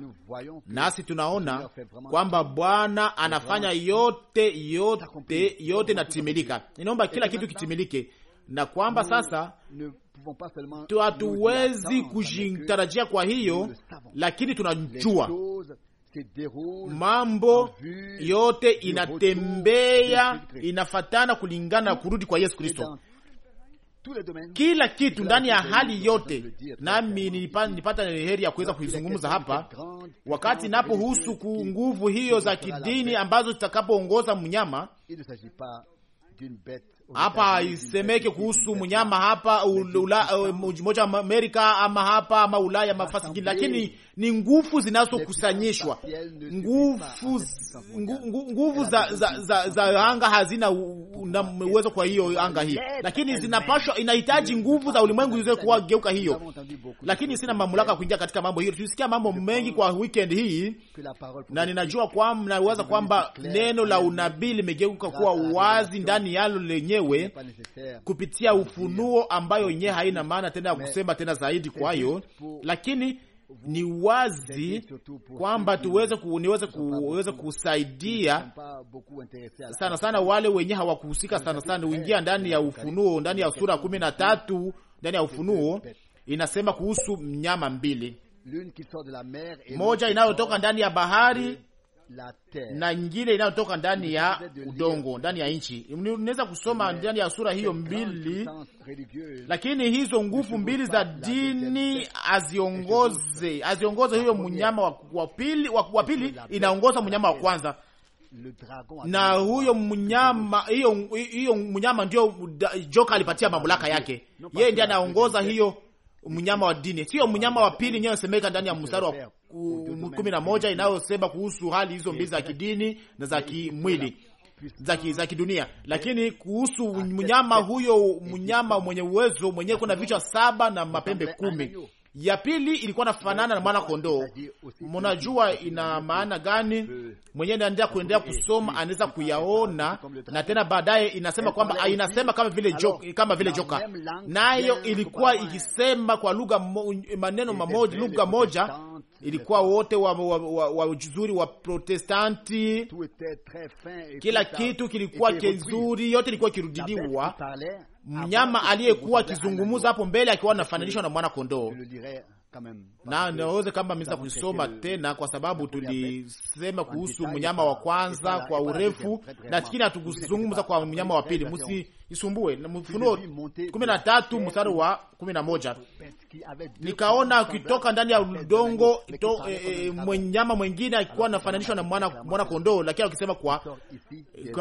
nasi tunaona kwamba Bwana anafanya yote yote yote, natimilika. Inaomba kila kitu kitimilike, na kwamba sasa hatuwezi kujitarajia kwa hiyo, lakini tunajua mambo yote inatembea inafatana kulingana na kurudi kwa Yesu Kristo, kila kitu ndani ya hali yote. Nami nilipata heri ya kuweza kuizungumza hapa wakati napohusu ku nguvu hiyo za kidini ambazo zitakapoongoza mnyama hapa isemeke kuhusu mnyama hapa moja Amerika ama hapa ama Ulaya mafasi ngine, lakini ni nguvu zinazokusanyishwa nguvu, nguvu za, za, za, za anga hazina uwezo kwa hiyo anga hii, lakini zinapashwa, inahitaji nguvu za ulimwengu ziweze kuwageuka hiyo. Lakini sina mamlaka kuingia katika mambo hiyo. Tulisikia mambo mengi kwa weekend hii, na ninajua kwa naweza kwamba neno la unabii limegeuka kuwa wazi ndani yalo lenyewe kupitia ufunuo ambayo yenyewe haina maana tena ya kusema tena zaidi kwayo, lakini ni wazi kwamba tuweze ku, niweze kuweze kusaidia sana sana wale wenye hawakuhusika sana sana. Uingia ndani ya Ufunuo, ndani ya sura kumi na tatu ndani ya Ufunuo inasema kuhusu mnyama mbili, moja inayotoka ndani ya bahari na ingine inayotoka ndani ya udongo, ndani ya nchi. Unaweza kusoma ndani ya sura hiyo mbili, lakini hizo nguvu mbili za dini aziongoze aziongoze huyo mnyama wa pili, wa pili inaongoza mnyama wa kwanza na huyo mnyama hiyo hiyo mnyama ndio joka alipatia mamlaka yake, yeye ndiye anaongoza hiyo mnyama wa dini, sio mnyama wa pili inayosemeka ndani ya mstari wa kumi na moja inayosema kuhusu hali hizo mbili za kidini na za kimwili za kidunia, lakini kuhusu mnyama huyo, mnyama mwenye uwezo mwenyewe kuna vichwa saba na mapembe kumi ya pili ilikuwa nafanana na mwana kondoo. Mnajua ina maana gani? mwenye naendea kuendea kusoma, anaweza kuyaona na tena baadaye inasema kwamba inasema kama vile joka, kama vile joka, nayo ilikuwa ikisema kwa lugha maneno mamoja, lugha moja ilikuwa wote wa, wa, wa, wa uzuri wa Protestanti, kila kitu kilikuwa kizuri, yote ilikuwa ikirudiliwa mnyama aliyekuwa akizungumza hapo mbele akiwa anafananishwa na mwana kondoo na naweze kama ameweza kuisoma tena, kwa sababu tulisema kuhusu mnyama wa kwanza kwa urefu, na chikini hatukuzungumza kwa mnyama wa pili. Msiisumbue. Mfunuo kumi na tatu mstari wa kumi na moja nikaona ukitoka ndani ya udongo e, mnyama mwengine akikuwa anafananishwa na mwana, mwana kondoo, lakini akisema kwa,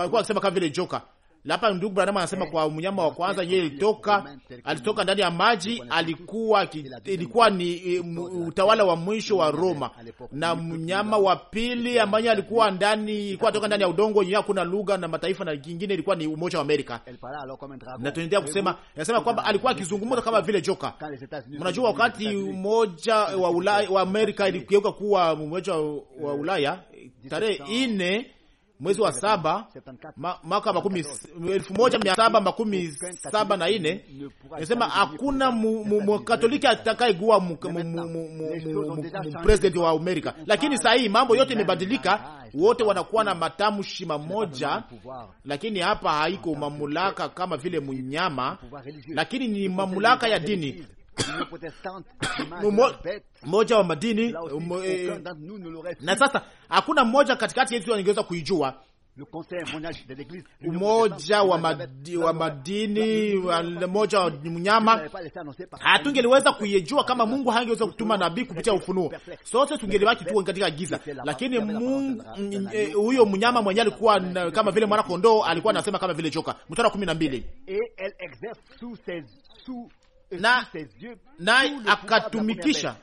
kwa akisema kama vile joka hapa ndugu Branham anasema eh, kwa mnyama wa kwanza, eh, yeye eh, alitoka alitoka ndani ya maji, alikuwa ilikuwa ni utawala wa mwisho wa Roma, na mnyama wa pili ambaye alikuwa ndani ilikuwa toka ndani ya udongo yeye, hakuna lugha na mataifa, na kingine ilikuwa ni umoja wa Amerika. Na tunaendelea kusema, anasema kwamba alikuwa akizungumza kama vile joka. Mnajua wakati umoja wa Ulaya wa Amerika ilikuwa kuwa umoja wa Ulaya tarehe 4 mwezi wa saba mwaka elfu moja mia saba makumi saba na ine nasema hakuna mkatoliki atakayeguwa mpresidenti wa Amerika. Lakini saa hii mambo yote imebadilika, wote wanakuwa na matamshi mamoja, lakini hapa haiko mamulaka kama vile mnyama, lakini ni mamulaka ya dini mmoja wa madini eh, na sasa hakuna mmoja katikati yetu angeweza kuijua umoja wa, madi, wa madini mmoja wa mnyama hatungeliweza ah, kuijua kama Mungu hangeweza kutuma nabii kupitia ufunuo. Sote tungelibaki tu katika giza, lakini mm, eh, huyo mnyama mwenyewe alikuwa kama vile mwana kondoo, alikuwa anasema kama vile joka. Mstari wa kumi na mbili na na akatumikisha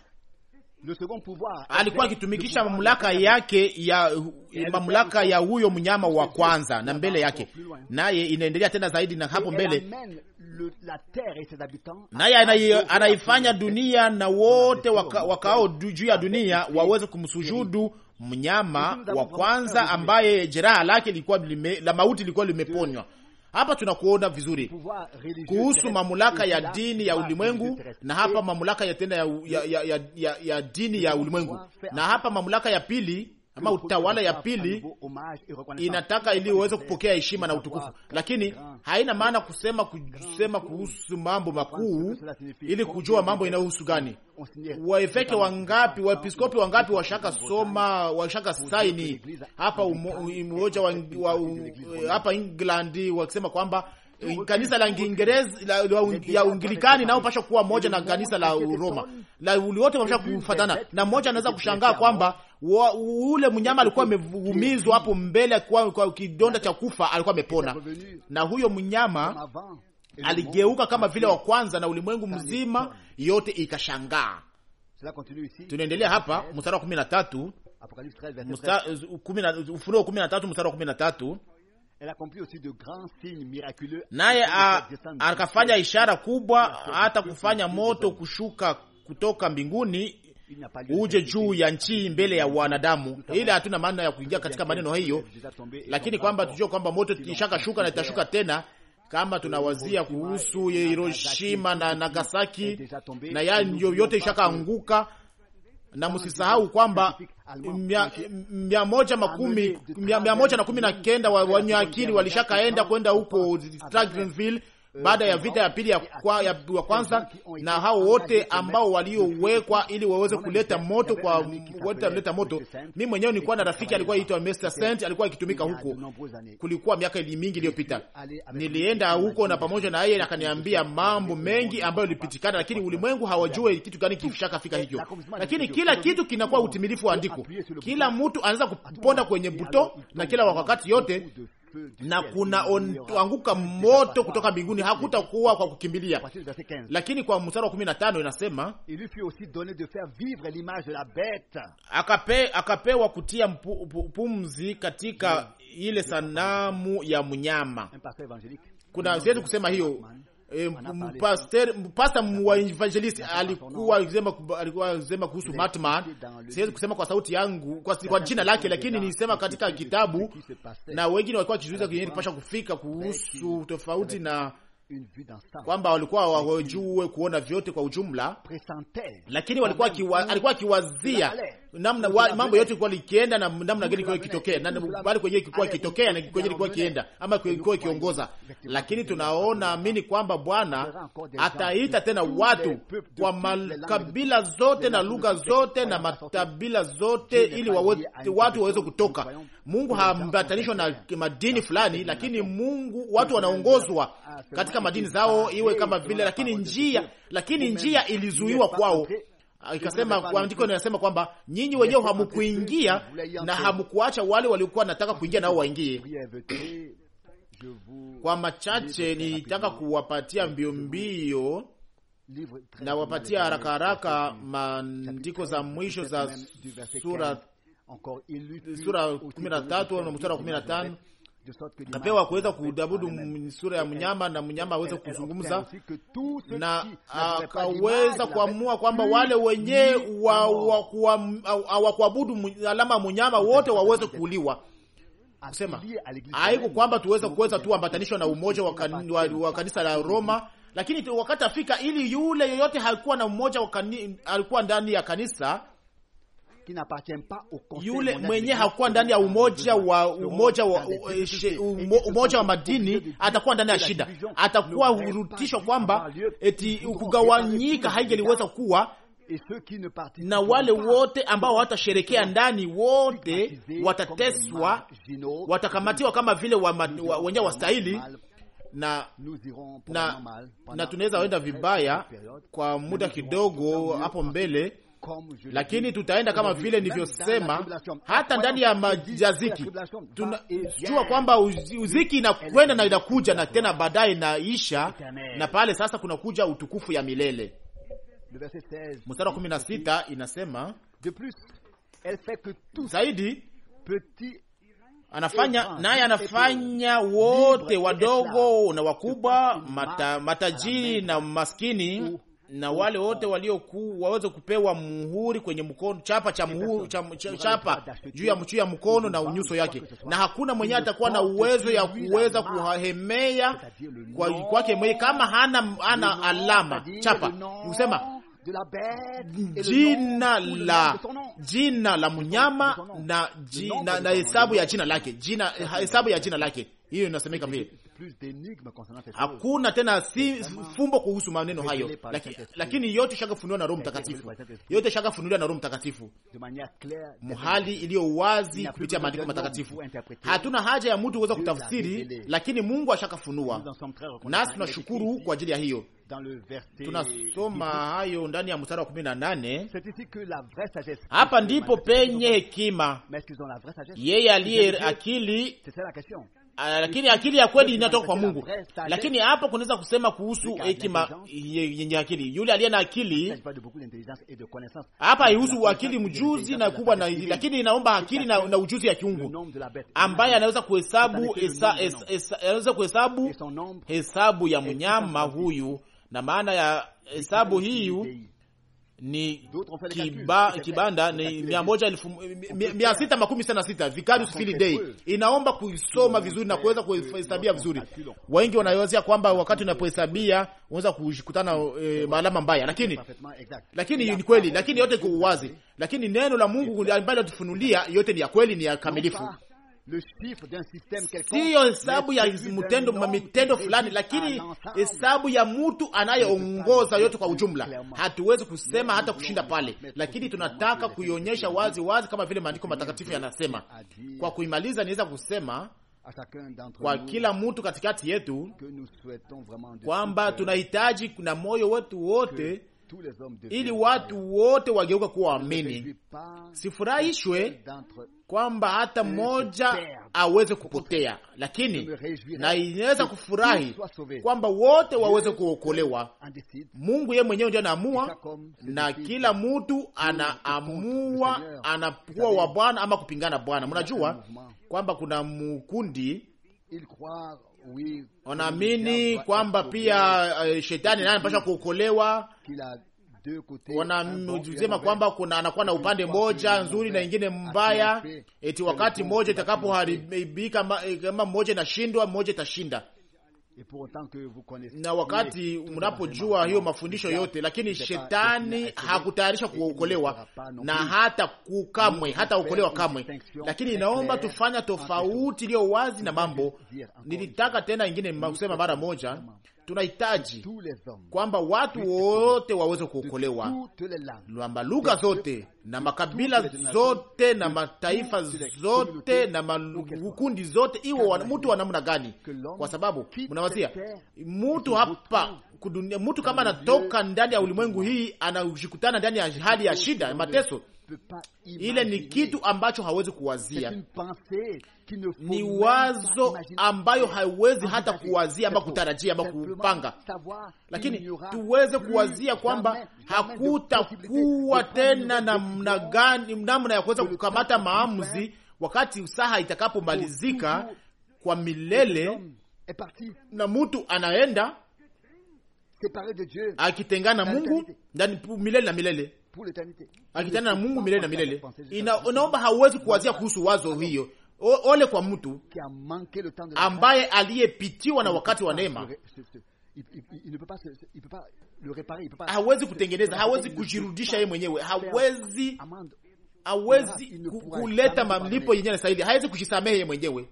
alikuwa akitumikisha mamlaka yake ya mamlaka ya huyo mnyama wa kwanza na mbele yake, naye inaendelea tena zaidi na hapo mbele, naye anaifanya dunia na wote waka, wakao juu ya dunia waweze kumsujudu mnyama wa kwanza ambaye jeraha lake lilikuwa la mauti lilikuwa limeponywa. Hapa tunakuona vizuri kuhusu mamlaka ya dini ya ulimwengu, na hapa mamlaka ya tena ya, ya, ya, ya, ya dini ya ulimwengu, na hapa mamlaka ya pili ama utawala ya pili inataka ili uweze kupokea heshima na utukufu, lakini ah. haina maana kusema ah. kusema kuhusu mambo makuu ili kujua mambo inayohusu gani. Waefeke wangapi, waepiskopi wangapi washaka soma, washaka saini hapa umoja eh, hapa England wakisema kwamba eh, kanisa la Kiingereza ya Ungilikani nao pasha kuwa moja na kanisa la Roma la uliwote wapasha kufatana, na mmoja anaweza kushangaa kwamba ule mnyama alikuwa ameumizwa hapo mbele kwa, kwa kidonda cha kufa alikuwa amepona, na huyo mnyama aligeuka kama vile wa kwanza, na ulimwengu mzima yote ikashangaa. Tunaendelea hapa mstari wa kumi na tatu Ufunuo wa kumi na tatu mstari wa kumi na tatu naye akafanya ishara kubwa, hata kufanya moto kushuka kutoka mbinguni uje juu ya nchi mbele ya wanadamu, ila hatuna maana ya kuingia katika maneno hiyo, lakini kwamba tujue kwamba moto ishaka shuka na itashuka tena kama tunawazia kuhusu Hiroshima na Nagasaki na yani yote ishakaanguka, na msisahau kwamba mia, moja makumi mia, moja na kumi na kenda wanyakili walishakaenda kwenda huko Stagville baada ya vita ya pili ya, kwa, ya kwanza, na hao wote ambao waliowekwa ili waweze kuleta moto kwa kuleta moto. Mimi mwenyewe nilikuwa na rafiki alikuwa aitwa Mr Saint, alikuwa akitumika huko, kulikuwa miaka mingi iliyopita. Nilienda huko na pamoja na yeye, akaniambia mambo mengi ambayo ilipitikana, lakini ulimwengu hawajue kitu gani kifishaka fika hicho, lakini kila kitu kinakuwa utimilifu wa andiko. Kila mtu anaweza kuponda kwenye buto na kila wakati yote na kunaanguka moto kutoka mbinguni, hakutakuwa kwa kukimbilia. Lakini kwa mstari wa kumi na tano inasema akape, akapewa kutia pumzi katika ile sanamu ya mnyama. Kuna siwezi kusema hiyo Eh, pasta wa evangelist alikuwa kusema alikuwa kuhusu Matman. Siwezi kusema kwa sauti yangu kwa, kwa jina lake, lakini nilisema katika kitabu, na wengine walikuwa wakijiuliza kwenye kufika kuhusu tofauti na kwamba walikuwa wajue kuona vyote kwa ujumla, lakini walikuwa kiwa, alikuwa akiwazia namna mambo yote ilikuwa likienda na namna gani ilikuwa ikitokea na bali kwenye ilikuwa ikitokea na kwenye ilikuwa ikienda ama ilikuwa ikiongoza. Lakini tunaona amini kwamba Bwana ataita tena watu kwa makabila zote na lugha zote na matabila zote, ili wawe, watu waweze kutoka. Mungu haambatanishwa na madini fulani, lakini Mungu watu wanaongozwa katika katika madini zao iwe kama vile, lakini njia lakini njia ilizuiwa kwao. Ikasema, maandiko inasema kwamba nyinyi wenyewe hamukuingia na hamkuacha wale waliokuwa nataka kuingia nao waingie. Kwa machache nitaka kuwapatia mbio mbio na wapatia haraka haraka maandiko za mwisho za sura sura 13 na mstari wa napewa kuweza kuabudu sura ya mnyama na mnyama aweze kuzungumza, na akaweza kuamua kwamba wale wenye hawakuabudu alama mnyama wote waweze kuuliwa. Kusema haiko kwamba tuweze kuweza tu ambatanishwa na umoja wa kanisa la Roma, lakini wakati afika, ili yule yoyote haikuwa na umoja alikuwa ndani ya kanisa yule mwenye hakuwa ndani ya umoja wa eh, umoja wa umoja wa madini atakuwa ndani ya shida, atakuwa hurutishwa kwamba eti kugawanyika haingeliweza kuwa na wale wote ambao watasherekea ndani, wote watateswa, watakamatiwa kama vile wenye wastahili na na, na tunaweza enda vibaya kwa muda kidogo hapo mbele, lakini tutaenda kama vile nilivyosema, hata ndani ya majaziki tunajua eh, kwamba uziki inakwenda na inakuja na tena baadaye inaisha, na pale sasa kunakuja utukufu ya milele. Mstari wa kumi na sita inasema zaidi anafanya naye anafanya wote wadogo na wakubwa, mata, matajiri na maskini na wale wote walioku waweze kupewa muhuri kwenye mkono, chapa cha muhuri, chapa juu ya mchu ya mkono na unyuso yake, na hakuna mwenye atakuwa na uwezo ya kuweza kuhemea kwake mwenye kama hana ana alama chapa kusema jina la jina la mnyama na, na, na hesabu ya jina lake jina hesabu ya jina lake, hiyo inasemeka vile hakuna tena si fumbo kuhusu maneno hayo, lakini, yote shaka shakafunuliwa na Roho Mtakatifu, yote shakafunuliwa na Roho Mtakatifu muhali iliyo wazi kupitia maandiko matakatifu. Hatuna haja ya mtu kuweza kutafsiri, lakini Mungu ashakafunua, nasi tunashukuru kwa ajili ya hiyo. Tunasoma hayo ndani ya mstari wa kumi na nane. Hapa ndipo penye hekima, yeye aliye akili Ah, lakini akili ya kweli inatoka kwa Mungu. Lakini hapo kunaweza kusema kuhusu hekima yenye akili. Yule aliye na akili hapa ihusu akili mjuzi na kubwa na, lakini inaomba akili na, na ujuzi ya kiungu ambaye anaweza kuhesabu anaweza kuhesabu hesabu ya mnyama huyu na maana ya hesabu e. hii ni kiba, kibanda ni mia moja elfu mia sita makumi sita na sita Vicarious Field Day inaomba kuisoma vizuri na kuweza kuhesabia vizuri. Wengi wanawazia kwamba wakati unapohesabia unaweza kukutana eh, maalama mbaya, lakini lakini ni kweli, lakini yote iko uwazi, lakini neno la Mungu ambayo natufunulia yote ni ya kweli, ni ya kamilifu siyo hesabu ya mtendo mitendo fulani, lakini hesabu eh, ya mtu anayeongoza yote kwa ujumla. Hatuwezi kusema hata kushinda pale, lakini tunataka kuionyesha wazi wazi kama vile maandiko matakatifu yanasema. Kwa kuimaliza, niweza kusema kwa kila mtu katikati yetu kwamba tunahitaji na moyo wetu wote ili watu wote wageuka kuwa waamini. Sifurahishwe kwamba hata mmoja aweze kupotea, lakini na inaweza kufurahi kwamba wote waweze kuokolewa. Mungu yeye mwenyewe ndio anaamua, na kila mtu anaamua anakuwa wa Bwana ama kupingana Bwana. Mnajua kwamba kuna mkundi wanaamini kwamba pia uh, shetani naye anapasha kuokolewa wananujuzema kwamba kuna anakuwa na upande moja nzuri na ingine mbaya, eti wakati moja itakapoharibika eh, kama moja inashindwa moja itashinda na wakati mnapojua hiyo mafundisho yote, lakini shetani hakutayarisha kuokolewa na hata kukamwe hata okolewa kamwe. Lakini inaomba tufanya tofauti iliyo wazi na mambo. Nilitaka tena ingine kusema mara moja tunahitaji kwamba watu wote waweze kuokolewa, kwamba lugha zote na makabila zote na mataifa zote na makundi zote, iwe mtu wa namna gani. Kwa sababu mnawazia mtu hapa kudunia, mtu kama anatoka ndani ya ulimwengu hii anajikutana ndani ya hali ya shida ya mateso ile ni kitu ambacho hawezi kuwazia, ni wazo ambayo haiwezi hata kuwazia ama kutarajia ama kupanga, lakini tuweze kuwazia kwamba hakutakuwa tena namna gani, namna ya kuweza kukamata maamuzi wakati usaha itakapomalizika kwa milele, na mtu anaenda akitengana Mungu ndani milele na milele akitana na Mungu milele na milele. Inaomba hauwezi kuwazia kuhusu wazo hiyo. Ole kwa mtu ambaye aliyepitiwa na wakati wa neema hawezi kutengeneza, hawezi kujirudisha yeye mwenyewe, hawezi hawezi kuleta malipo yenyewe na saidi, hawezi kujisamehe yeye mwenyewe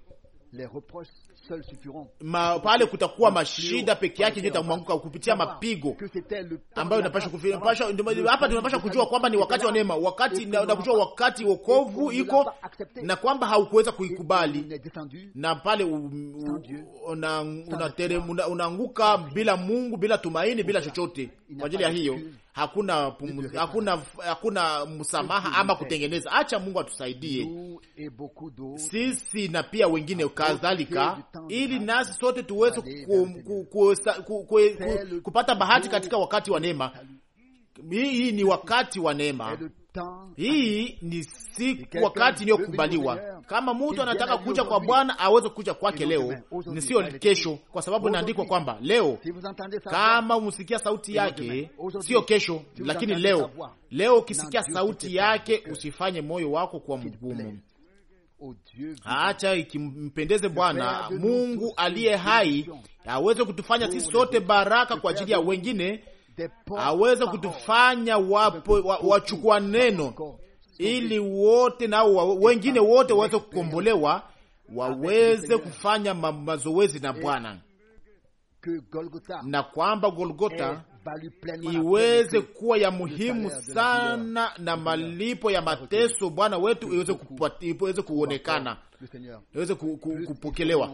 ma pale kutakuwa mashida peke yake, ndio itamwanguka kupitia mapigo ambayo inapasha kufanya. Hapa tunapasha kujua kwamba ni wakati wa neema, wakati na kujua wakati wokovu iko na kwamba haukuweza kuikubali, na pale unaanguka bila Mungu, bila tumaini, bila chochote. Kwa ajili ya hiyo hakuna hakuna hakuna msamaha ama kutengeneza. Acha Mungu atusaidie sisi na pia wengine kadhalika, ili nasi sote tuweze ku, ku, ku, ku, ku, kupata bahati katika wakati wa neema Hii ni wakati wa neema hii ni siku wakati iliyokubaliwa. Kama mtu anataka kuja kwa Bwana aweze kuja kwake leo, ni sio kesho, kwa sababu inaandikwa kwamba leo, kama umsikia sauti yake, sio kesho, lakini leo. Leo ukisikia sauti yake, usifanye moyo wako kuwa mgumu. Acha ikimpendeze Bwana Mungu aliye hai aweze kutufanya sisi sote baraka kwa ajili ya wengine aweze kutufanya wapo wachukua neno, ili wote nao wengine wote waweze kukombolewa, waweze kufanya mazoezi na eh, Bwana na kwamba Golgota eh, iweze kuwa ya muhimu sana na malipo ya mateso Bwana wetu iweze kuonekana, iweze kupokelewa,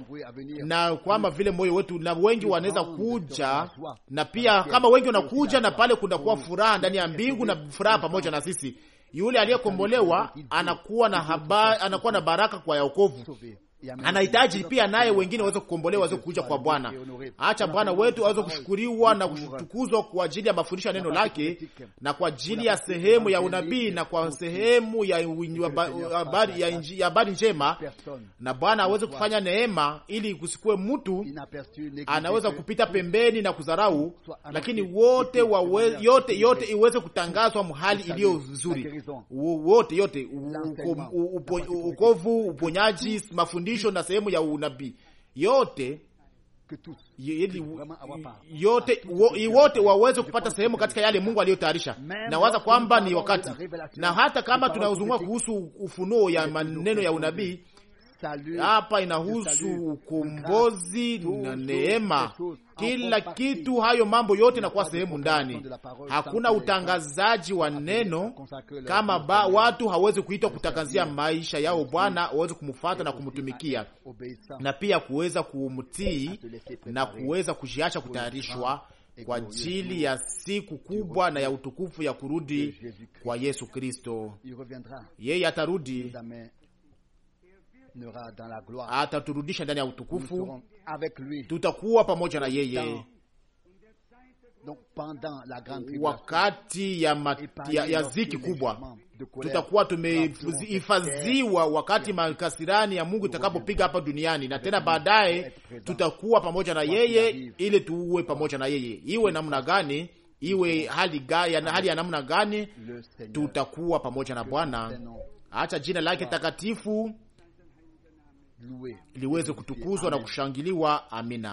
na kwamba vile moyo wetu na wengi wanaweza kuja, na pia kama wengi wanakuja, na pale kunakuwa furaha ndani ya mbingu na furaha pamoja na sisi. Yule aliyekombolewa anakuwa na haba, anakuwa na baraka kwa yaokovu anahitaji pia naye wengine waweze kukombolewa, waweze kuja kwa Bwana. Acha Bwana wetu aweze kushukuriwa na kutukuzwa kwa ajili ya mafundisho ya neno lake na kwa ajili ya sehemu ya unabii na kwa sehemu ya habari ya habari njema, na Bwana aweze kufanya neema, ili kusikue mtu anaweza kupita pembeni na kudharau, lakini wote wawe, yote yote iweze kutangazwa mhali iliyo nzuri, wote yote ukovu, uponyaji, mafundisho mafundisho na sehemu ya unabii yote yote wote waweze kupata sehemu katika yale Mungu aliyotayarisha. Nawaza kwamba ni wakati, na hata kama tunazungumza kuhusu ufunuo ya maneno ya unabii, hapa inahusu ukombozi na neema, kila kitu. Hayo mambo yote inakuwa sehemu ndani. Hakuna utangazaji wa neno kama ba, watu hawezi kuitwa kutangazia maisha yao Bwana, waweze kumfata na kumtumikia na pia kuweza kumtii na kuweza kujiacha kutayarishwa kwa ajili ya siku kubwa na ya utukufu ya kurudi kwa Yesu Kristo. Yeye atarudi ataturudisha ndani ya utukufu, tutakuwa pamoja na yeye Donc, pendant la grande wakati ya, ma, ya, ya ziki kubwa tutakuwa tumehifadhiwa, wakati makasirani ya Mungu itakapopiga hapa duniani, na tena baadaye tutakuwa pamoja na yeye, ili tuwe pamoja na yeye, iwe namna gani, iwe hali ya, hali ya namna gani, tutakuwa pamoja na Bwana. Acha jina lake takatifu liweze kutukuzwa na kushangiliwa. Amina.